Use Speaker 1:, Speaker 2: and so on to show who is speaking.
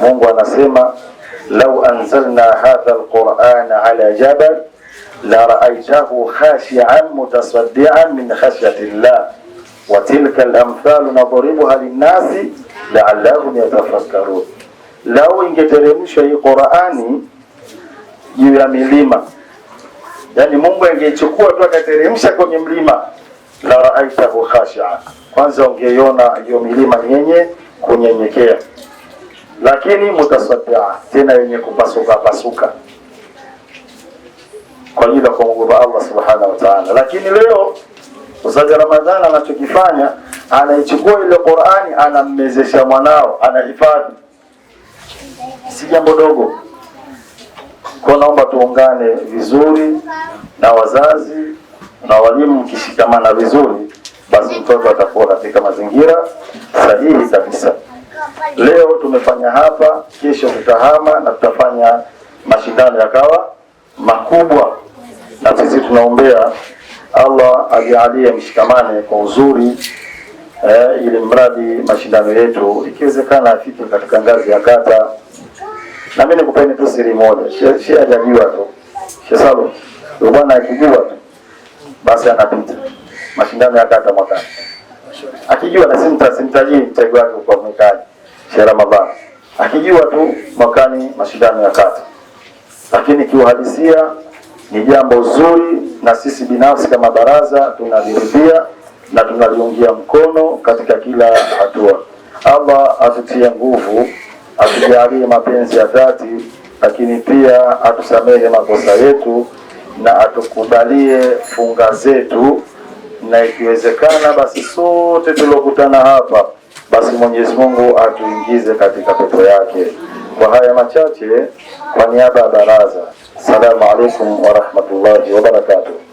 Speaker 1: Mungu anasema lau anzalna hadha alqur'ana ala jabal la ra'aytahu khashi'an mutasaddian min khashyati llah wa tilka alamthalu nadribuha linnasi la'allahum yatafakkarun, lau ingeteremshwa hii Qur'ani juu ya milima, yani Mungu angeichukua tu akateremsha kwenye mlima, la ra'aytahu khashi'an, kwanza ungeiona hiyo milima yenye kunyenyekea lakini mutasadia tena yenye kupasuka pasuka kwa ajili ya kumwogopa Allah subhanahu wa ta'ala. Lakini leo Ustadhi Ramadhani anachokifanya anaichukua ile Qur'ani, anammezesha mwanao, anahifadhi, si jambo dogo. Kwa naomba tuungane vizuri na wazazi na walimu, mkishikamana vizuri, basi mtoto atakuwa katika mazingira sahihi kabisa. Leo tumefanya hapa, kesho tutahama na tutafanya mashindano yakawa makubwa, na sisi tunaombea Allah ajalie mshikamane kwa uzuri eh, ili mradi mashindano yetu ikiwezekana afike katika ngazi ya kata. Na mimi nikupeni tu siri moja, shehe hajajua tu, shehe Salo bwana akijua tu basi anapita mashindano ya kata mwakani, akijua na simtasimtajii mtego wake kwa mwekaji ya Ramadhani, akijua tu mwakani mashindano ya kata, lakini kiuhalisia ni jambo zuri, na sisi binafsi kama baraza tunaliridhia na tunaliungia mkono katika kila hatua. Allah atutie nguvu, atujalie mapenzi ya dhati, lakini pia atusamehe makosa yetu na atukubalie funga zetu, na ikiwezekana basi sote tuliokutana hapa basi Mwenyezi Mungu atuingize katika pepo yake. Kwa haya machache, kwa niaba ya baraza, salamu alaikum warahmatullahi barakatuh